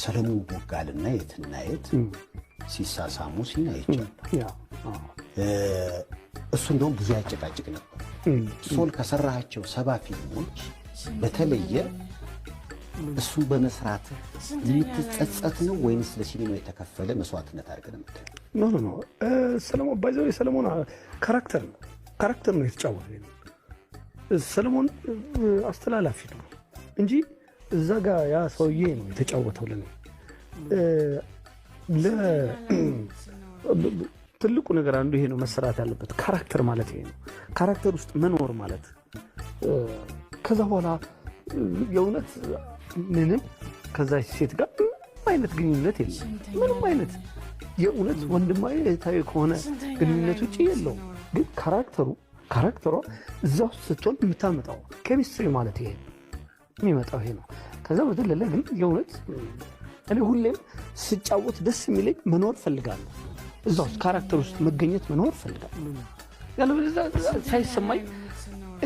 ሰለሞን ቦጋልና የትናየት ሲሳሳሙ ሲናይቻል እሱ እንደውም ብዙ ያጨቃጭቅ ነበር። ሶል ከሰራቸው ሰባ ፊልሞች በተለየ እሱን በመስራት የምትጸጸት ነው ወይንስ ለሲኒማ የተከፈለ መስዋዕትነት አድርገን ነው? ኖ ሰለሞን ባይዘው የሰለሞን ካራክተር ነው ካራክተር ነው የተጫወተ ሰለሞን አስተላላፊ ነው እንጂ እዛ ጋ ያ ሰውዬ ነው የተጫወተው። ለኔ ትልቁ ነገር አንዱ ይሄ ነው መሰራት ያለበት። ካራክተር ማለት ይሄ ነው። ካራክተር ውስጥ መኖር ማለት ከዛ በኋላ የእውነት ምንም ከዛ ሴት ጋር ምንም አይነት ግንኙነት የለም። ምንም አይነት የእውነት ወንድማዊ እህታዊ ከሆነ ግንኙነት ውጭ የለው። ግን ካራክተሩ ካራክተሯ እዛ ውስጥ ስትሆን የምታመጣው ኬሚስትሪ ማለት ይሄ ነው። የሚመጣው ይሄ ነው። ከዛ በተለለ ግን የእውነት እኔ ሁሌም ስጫወት ደስ የሚለኝ መኖር ፈልጋለሁ። እዛ ውስጥ ካራክተር ውስጥ መገኘት መኖር ፈልጋለሁ። ያለበለዚያ ሳይሰማኝ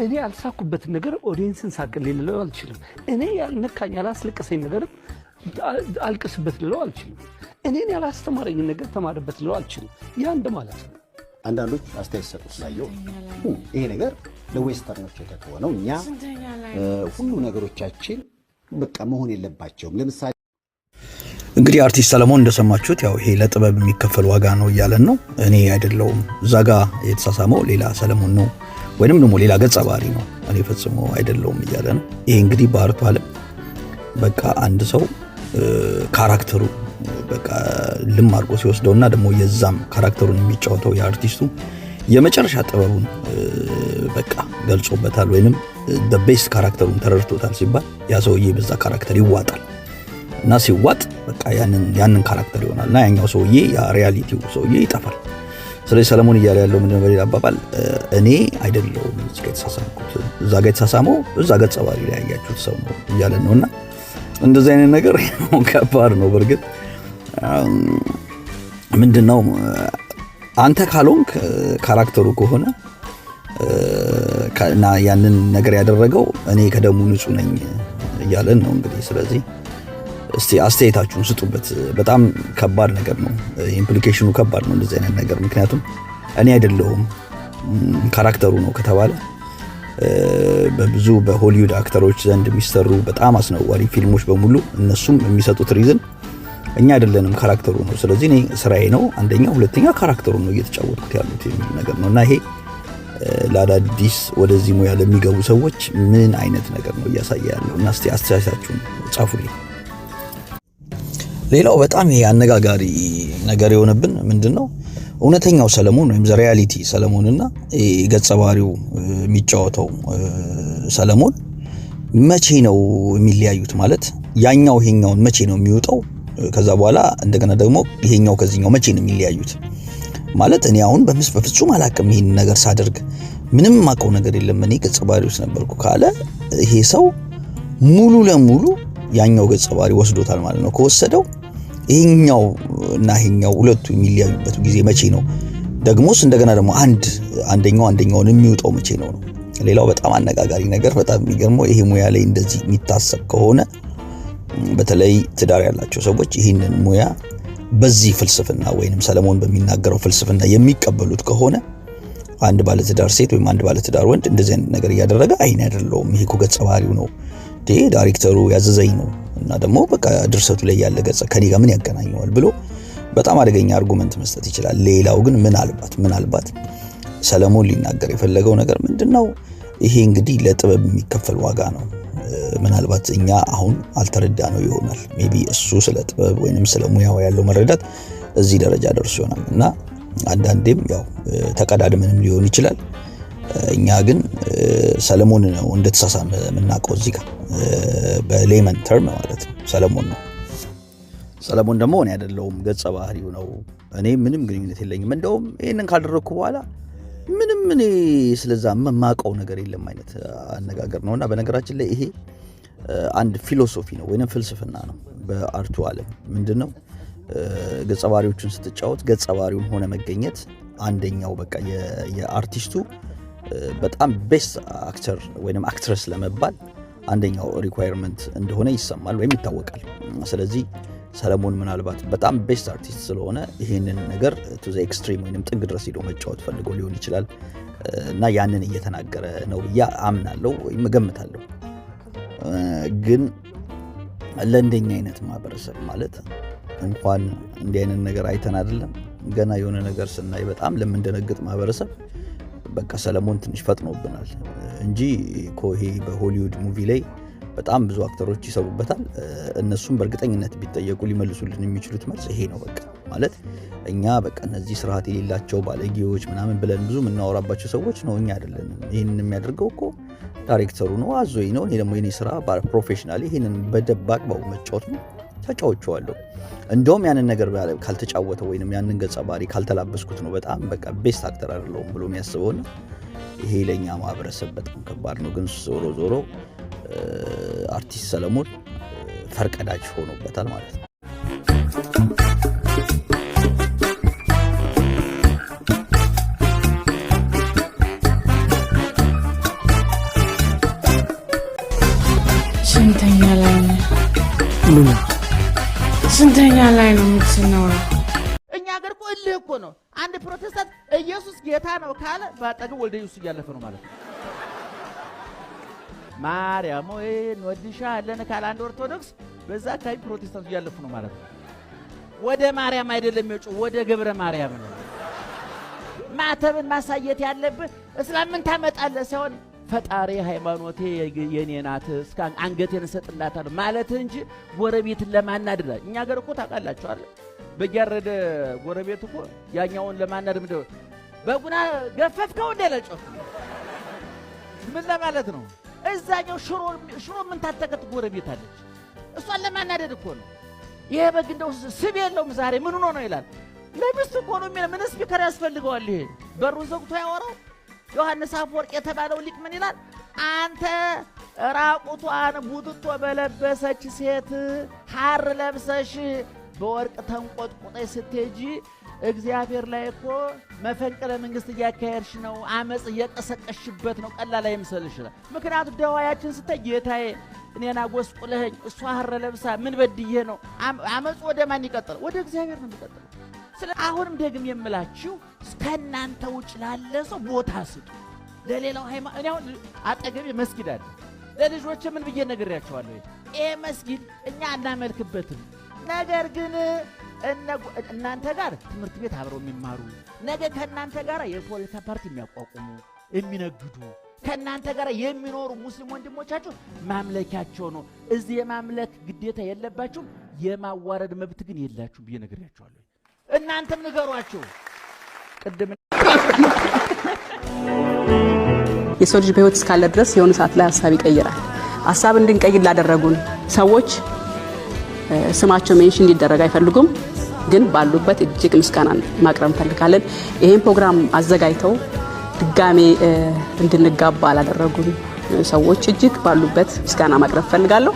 እኔ ያልሳኩበትን ነገር ኦዲየንስን ሳቅ ልለው አልችልም። እኔ ያልነካኝ ያላስለቀሰኝ ነገርም አልቅስበት ልለው አልችልም። እኔን ያላስተማረኝን ነገር ተማርበት ልለው አልችልም። ያ እንደማለት ነው። አንዳንዶች አስተያየት ሰጡ ስላየው ይሄ ነገር ለዌስተርኖች የተተወ ነው። እኛ ሁሉ ነገሮቻችን በቃ መሆን የለባቸውም። ለምሳሌ እንግዲህ አርቲስት ሰለሞን እንደሰማችሁት ያው ይሄ ለጥበብ የሚከፈል ዋጋ ነው እያለን ነው። እኔ አይደለውም እዛ ጋ የተሳሳመው ሌላ ሰለሞን ነው ወይንም ደግሞ ሌላ ገጸ ባህሪ ነው። እኔ ፈጽሞ አይደለውም እያለ ነው። ይሄ እንግዲህ በአርቱ ዓለም በቃ አንድ ሰው ካራክተሩ በቃ ልም አድርጎ ሲወስደውና ደግሞ የዛም ካራክተሩን የሚጫወተው የአርቲስቱ የመጨረሻ ጥበቡን በቃ ገልጾበታል፣ ወይንም ቤስት ካራክተሩን ተረድቶታል ሲባል ያ ሰውዬ በዛ ካራክተር ይዋጣል እና ሲዋጥ በቃ ያንን ካራክተር ይሆናል እና ያኛው ሰውዬ ሪያሊቲው ሰውዬ ይጠፋል። ስለዚህ ሰለሞን እያለ ያለው ምንድነው? በሌላ አባባል እኔ አይደለሁም እዚህ ጋ የተሳሳምኩት፣ እዛ ጋ የተሳሳመው እዛ ገጸ ባህሪ ላይ ያያችሁት ሰው ነው እያለን ነው እና እንደዚህ አይነት ነገር ከባድ ነው በእርግጥ ምንድነው አንተ ካልሆንክ ካራክተሩ ከሆነ እና ያንን ነገር ያደረገው እኔ ከደሙ ንጹህ ነኝ እያለን ነው እንግዲህ። ስለዚህ እስቲ አስተያየታችሁን ስጡበት። በጣም ከባድ ነገር ነው፣ ኢምፕሊኬሽኑ ከባድ ነው እንደዚህ አይነት ነገር። ምክንያቱም እኔ አይደለሁም ካራክተሩ ነው ከተባለ በብዙ በሆሊውድ አክተሮች ዘንድ የሚሰሩ በጣም አስነዋሪ ፊልሞች በሙሉ እነሱም የሚሰጡት ሪዝን እኛ አይደለንም ካራክተሩ ነው። ስለዚህ እኔ ስራዬ ነው አንደኛ፣ ሁለተኛ ካራክተሩ ነው እየተጫወትኩት ያሉት የሚል ነገር ነው እና ይሄ ለአዳዲስ ወደዚህ ሙያ ለሚገቡ ሰዎች ምን አይነት ነገር ነው እያሳየ ያለው እና እስቲ አስተያየታችሁን ጻፉልኝ። ሌላው በጣም ይሄ አነጋጋሪ ነገር የሆነብን ምንድን ነው እውነተኛው ሰለሞን ወይም ሪያሊቲ ሰለሞን እና ገጸ ባህሪው የሚጫወተው ሰለሞን መቼ ነው የሚለያዩት? ማለት ያኛው ይሄኛውን መቼ ነው የሚወጣው ከዛ በኋላ እንደገና ደግሞ ይሄኛው ከዚህኛው መቼ ነው የሚለያዩት? ማለት እኔ አሁን በምስ በፍጹም አላቅም። ይህን ነገር ሳደርግ ምንም ማቀው ነገር የለም እኔ ገጸ ባህሪ ውስጥ ነበርኩ ካለ ይሄ ሰው ሙሉ ለሙሉ ያኛው ገጸ ባህሪ ወስዶታል ማለት ነው። ከወሰደው ይሄኛው እና ይሄኛው ሁለቱ የሚለያዩበት ጊዜ መቼ ነው? ደግሞስ እንደገና ደግሞ አንድ አንደኛው አንደኛውን የሚውጠው መቼ ነው ነው ሌላው በጣም አነጋጋሪ ነገር በጣም የሚገርመው ይሄ ሙያ ላይ እንደዚህ የሚታሰብ ከሆነ በተለይ ትዳር ያላቸው ሰዎች ይህንን ሙያ በዚህ ፍልስፍና ወይም ሰለሞን በሚናገረው ፍልስፍና የሚቀበሉት ከሆነ አንድ ባለትዳር ሴት ወይም አንድ ባለትዳር ወንድ እንደዚህ አይነት ነገር እያደረገ አይን አይደለውም፣ ይሄ እኮ ገጸ ባህሪው ነው፣ ዳይሬክተሩ ያዘዘኝ ነው እና ደግሞ በቃ ድርሰቱ ላይ ያለ ገጸ ከኔ ጋር ምን ያገናኘዋል ብሎ በጣም አደገኛ አርጉመንት መስጠት ይችላል። ሌላው ግን ምናልባት ምናልባት ሰለሞን ሊናገር የፈለገው ነገር ምንድን ነው? ይሄ እንግዲህ ለጥበብ የሚከፈል ዋጋ ነው። ምናልባት እኛ አሁን አልተረዳ ነው ይሆናል። ሜቢ እሱ ስለ ጥበብ ወይም ስለ ሙያው ያለው መረዳት እዚህ ደረጃ ደርሶ ይሆናል እና አንዳንዴም ያው ተቀዳድመንም ሊሆን ይችላል። እኛ ግን ሰለሞን ነው እንደተሳሳ የምናውቀው እዚህ ጋር በሌመን ተርም ማለት ነው ሰለሞን ነው። ሰለሞን ደግሞ እኔ አይደለሁም ገጸ ባህሪው ነው። እኔ ምንም ግንኙነት የለኝም። እንደውም ይህንን ካደረግኩ በኋላ ምንም እኔ ስለዛ የማውቀው ነገር የለም አይነት አነጋገር ነው እና በነገራችን ላይ ይሄ አንድ ፊሎሶፊ ነው ወይም ፍልስፍና ነው። በአርቱ አለም ምንድን ነው ገጸ ባህሪዎቹን ስትጫወት ገጸ ባህሪውን ሆነ መገኘት አንደኛው በቃ የአርቲስቱ በጣም ቤስት አክተር ወይም አክትረስ ለመባል አንደኛው ሪኳየርመንት እንደሆነ ይሰማል ወይም ይታወቃል። ስለዚህ ሰለሞን ምናልባት በጣም ቤስት አርቲስት ስለሆነ ይህንን ነገር ቱ ዘ ኤክስትሪም ወይም ጥግ ድረስ ሄዶ መጫወት ፈልጎ ሊሆን ይችላል እና ያንን እየተናገረ ነው ብዬ አምናለሁ ወይም እገምታለሁ። ግን ለእንደኛ አይነት ማህበረሰብ ማለት እንኳን እንዲህ አይነት ነገር አይተን አይደለም ገና የሆነ ነገር ስናይ በጣም ለምንደነግጥ ማህበረሰብ በቃ ሰለሞን ትንሽ ፈጥኖብናል እንጂ ኮሄ በሆሊውድ ሙቪ ላይ በጣም ብዙ አክተሮች ይሰሩበታል። እነሱም በእርግጠኝነት ቢጠየቁ ሊመልሱልን የሚችሉት መልስ ይሄ ነው። በቃ ማለት እኛ በቃ እነዚህ ስርዓት የሌላቸው ባለጌዎች ምናምን ብለን ብዙ የምናወራባቸው ሰዎች ነው እኛ አይደለንም። ይህንን የሚያደርገው እኮ ዳይሬክተሩ ነው፣ አዞኝ ነው። እኔ ደግሞ የኔ ስራ ፕሮፌሽናል ይህንን በደብ ባው መጫወት ነው። ተጫውቼዋለሁ። እንደውም ያንን ነገር ካልተጫወተ ወይም ያንን ገጸ ባህሪ ካልተላበስኩት ነው በጣም በቃ ቤስት አክተር አይደለውም ብሎ የሚያስበውና ይሄ ለእኛ ማህበረሰብ በጣም ከባድ ነው። ግን ዞሮ ዞሮ አርቲስት ሰለሞን ፈርቀዳጅ ሆኖበታል ማለት ነው። ስንተኛ ላይ ነው? ስንተኛ ላይ ነው እኛ ሀገር እኮ እልህ እኮ ነው። አንድ ፕሮቴስታንት ኢየሱስ ጌታ ነው ካለ በአጠገብ ወልደ ኢየሱስ እያለፈ ነው ማለት ነው። ማርያም ወይ እንወድሻለን ካለ አንድ ኦርቶዶክስ በዛ አካባቢ ፕሮቴስታንቱ እያለፉ ነው ማለት ነው። ወደ ማርያም አይደለም የሚወጪው ወደ ገብረ ማርያም ነው። ማተብን ማሳየት ያለብህ እስላም ምን ታመጣለህ ሳይሆን ፈጣሪ ሃይማኖቴ የኔ ናት እስከ አንገቴን እሰጥላታለሁ ማለት እንጂ ጎረቤትን ለማናደድ እኛ ገር እኮ ታውቃላችኋል። በጊያረደ ጎረቤት እኮ ያኛውን ለማናደድ ምንድን በጉና ገፈፍከው እንደለጮ ምን ለማለት ነው? እዛኛው ሽሮ የምንታጠቀት ጎረቤት አለች። እሷን ለማናደድ እኮ ነው። ይሄ በግ እንደው ስብ የለውም ዛሬ ምን ሆኖ ነው ይላል። ለሚስቱ እኮ ነው የሚለው። ምን ስፒከር ያስፈልገዋል? ይሄ በሩን ዘግቶ ያወራው ዮሐንስ አፈወርቅ የተባለው ሊቅ ምን ይላል? አንተ ራቁቷን ቡትቶ በለበሰች ሴት ሐር ለብሰሽ በወርቅ ተንቆጥቁጠ ስትሄጂ እግዚአብሔር ላይ እኮ መፈንቅለ መንግስት እያካሄድሽ ነው፣ አመፅ እየቀሰቀሽበት ነው። ቀላል አይምሰል ይችላል። ምክንያቱ ደዋያችን ስታይ ጌታዬ እኔና ጎስቁለኸኝ እሷ ሀረ ለብሳ ምን በድዬ ነው? አመፁ ወደ ማን ይቀጥል? ወደ እግዚአብሔር ነው የሚቀጥለው። ስለ አሁንም ደግም የምላችሁ ከእናንተ ውጭ ላለ ሰው ቦታ ስጡ። ለሌላው ሃይማኖት እኔ አሁን አጠገቤ መስጊድ አለ። ለልጆች ምን ብዬ ነግሬያቸዋለሁ? ይሄ መስጊድ እኛ አናመልክበትም ነገር ግን እናንተ ጋር ትምህርት ቤት አብረው የሚማሩ ነገ ከእናንተ ጋር የፖለቲካ ፓርቲ የሚያቋቁሙ የሚነግዱ ከእናንተ ጋር የሚኖሩ ሙስሊም ወንድሞቻችሁ ማምለኪያቸው ነው። እዚህ የማምለክ ግዴታ የለባችሁም፣ የማዋረድ መብት ግን የላችሁም ብዬ ነግሬያቸዋለሁ። እናንተም ንገሯቸው። ቅድም የሰው ልጅ በሕይወት እስካለ ድረስ የሆነ ሰዓት ላይ ሀሳብ ይቀይራል። ሀሳብ እንድንቀይር ላደረጉን ሰዎች ስማቸው ሜንሽን እንዲደረግ አይፈልጉም። ግን ባሉበት እጅግ ምስጋና ማቅረብ እንፈልጋለን። ይህን ፕሮግራም አዘጋጅተው ድጋሜ እንድንጋባ አላደረጉን ሰዎች እጅግ ባሉበት ምስጋና ማቅረብ እፈልጋለሁ።